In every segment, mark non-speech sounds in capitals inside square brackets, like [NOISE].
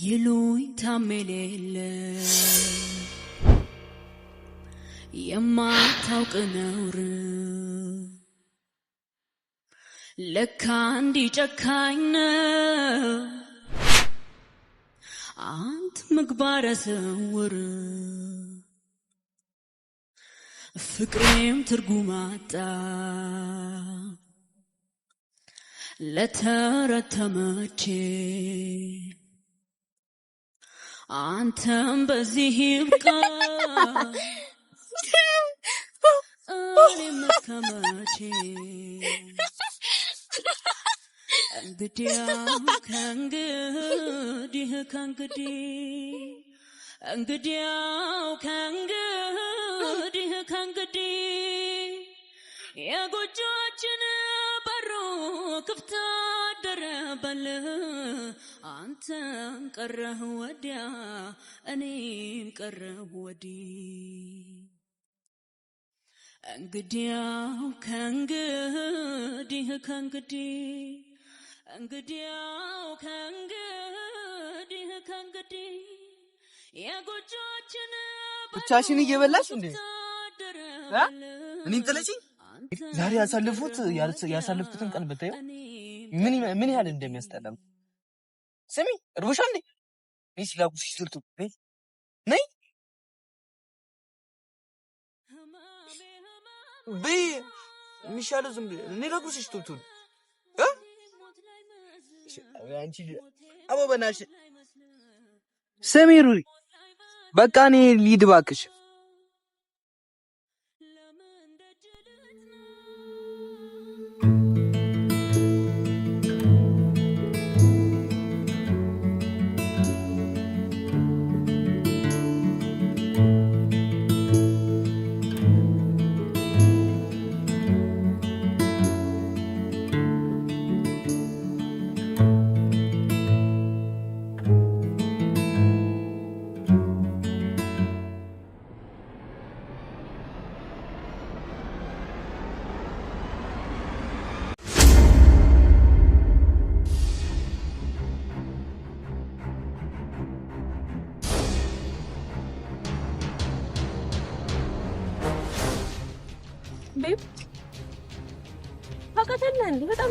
ይሉኝታ የሌለ የማታውቅ ነውር ለካ እንዲህ ነው አንት ምግባረ ስውር ፍቅሬም ትርጉም አጣ ለተረት ተመቼ አንተም በዚህ ይብቃ [LAUGHS] እኔም እስከ መቼ እንግዲያም ከእንግዲህ ከእንግዲህ እንግዲያው ከእንግዲህ ከእንግዲህ የጎጆችን በሩ ክፍት አደረ በል አንተም ቀረህ ወዲያ እኔም ቀረህ ወዲህ እንግዲያው ከእንግዲህ ከእንግዲህ እንግዲያው ከእንግዲህ ከእንግዲህ የጎጆችን ብቻሽን እየበላሽ እንዴ? እኔን ጥለሽኝ? ዛሬ ያሳልፉት ያሳልፉትን ቀን ብታየው ምን ያህል እንደሚያስጠላም። ስሚ እርቦሻ እንዴ? ሚስ ሲላጉስ ሲስርቱ ነይ ብይ የሚሻለው ዝም እኔ ላጉስሽ ቱቱን ስሚ ሩሂ፣ በቃ እኔ ልሂድ እባክሽ።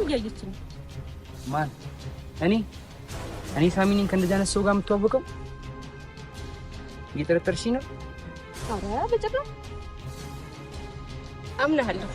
እያየች ነው። ማን? እኔ እኔ ሳሚኒን ነኝ። ከእንደዚህ አይነት ሰው ጋር የምትዋወቀው እየጠረጠርሽ ነው? ኧረ በጭራሽ አምናሃለሁ።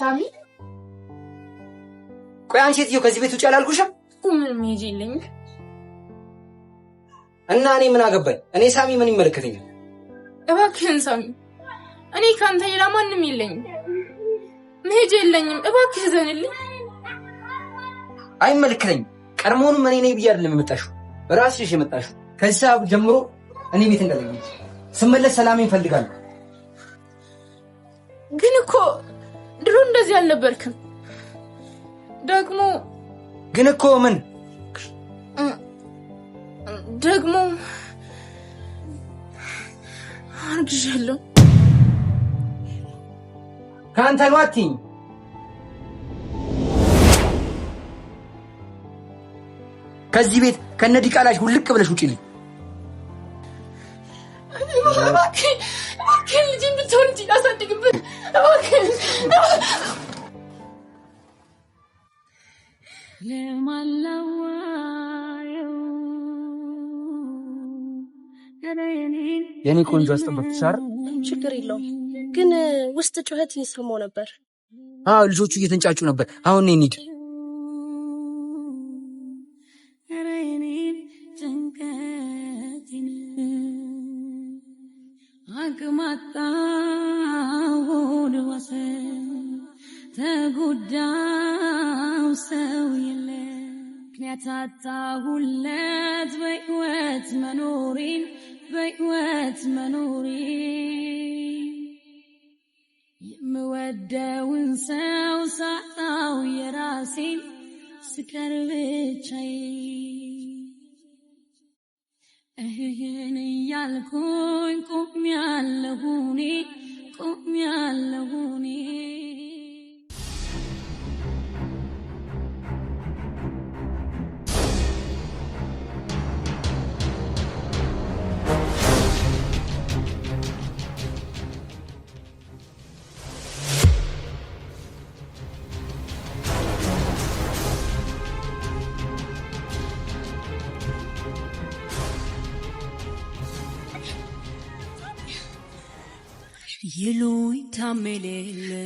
ሳሚ ቆይ አንቺ ሴትዮ ከዚህ ቤት ውጭ አላልኩሽም? ምን ሂጂ የለኝ እና እኔ ምን አገባኝ? እኔ ሳሚ ምን ይመለከተኛል? እባክህን ሳሚ፣ እኔ ከአንተ ሌላ ማንም የለኝም። መሄጃ የለኝም። እባክህ ዘንልኝ። አይመለከተኝም። ቀድሞውንም እኔ ነኝ ብዬ አይደለም የመጣሽው፣ ራስሽ የመጣሽው። ከዚህ ሰዓት ጀምሮ እኔ ቤት እንደለኝ ስመለስ ሰላም እፈልጋለሁ። ግን እኮ እንደዚህ አልነበርክም። ደግሞ ግን እኮ ምን ደግሞ አርግዣለሁ። ከአንተ ነው አትይኝ። ከዚህ ቤት ከነዲቃላሽ ሁልቅ ብለሽ ውጪልኝ። የኔ ቆንጆ አስጠበቅሻር። ችግር የለው ግን ውስጥ ጩኸት ይሰሞ ነበር። አዎ ልጆቹ እየተንጫጩ ነበር። አሁን ኒድ እንሂድ። ተጎዳው ሰው የለ ምክንያት አጣሁለት በሕይወት መኖሬን በሕይወት መኖሬ የምወደውን ሰው ሳጣው የራሴን ስቀር ብቻዬ እህህን እያልኩኝ ቁሚያለሁኔ እኔ ይሉኝታ የሌለው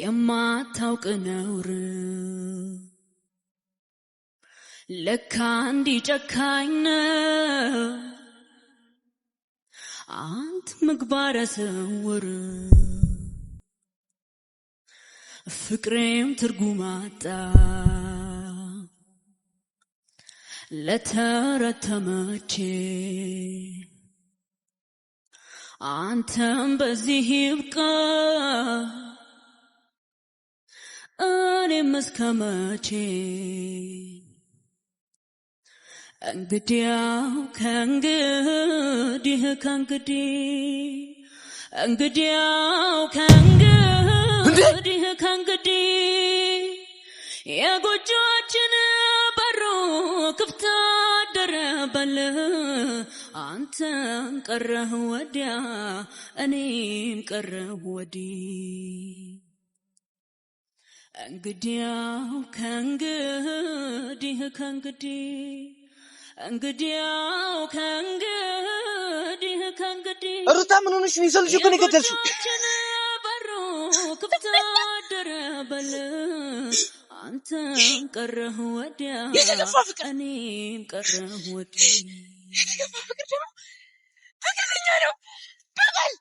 የማታውቅ ነውር ለካ እንዲህ ጨካኝ ነው አንት ምግባረ ስውር ፍቅሬም ትርጉም አጣ ለተረተመቼ አንተም በዚህ ይብቃ እኔም እስከ መቼ እንግዲያው ከእንግዲህ ከእንግዲህ እንግዲያው ከእንግዲህ ከእንግዲህ የጎጆአችን በሩ ክፍት አደረበል አንተ ቀረህ ወዲያ እኔም ቀረሁ ወዲህ እንግዲያው ከእንግዲህ ከእንግዲህ እንግዲያው ከእንግዲህ ከእንግዲህ ሩታ ምን ሆነሽ ነው? የሰው ልጅ እኮ ነው የገደልሽው። በሩ ክፍት አደረ በል አንተም ቀረህ ወዲያ እኔም ቀረህ ወዲህ የተገባ ፍቅር ደግሞ ተገለኛ ነው በቃል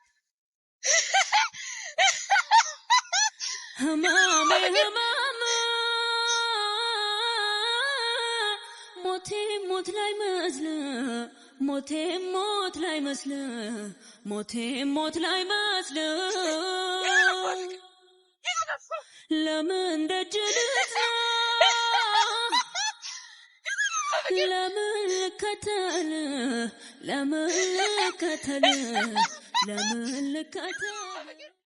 ህማሜ ህማማ ሞቴ ሞት ላይ መስለ ሞቴ ሞት ላይ መስለ ሞቴ ሞት ላይ መስለ ለምን ደጅ ልትነ ለመከተል ለመከተል ለመከተል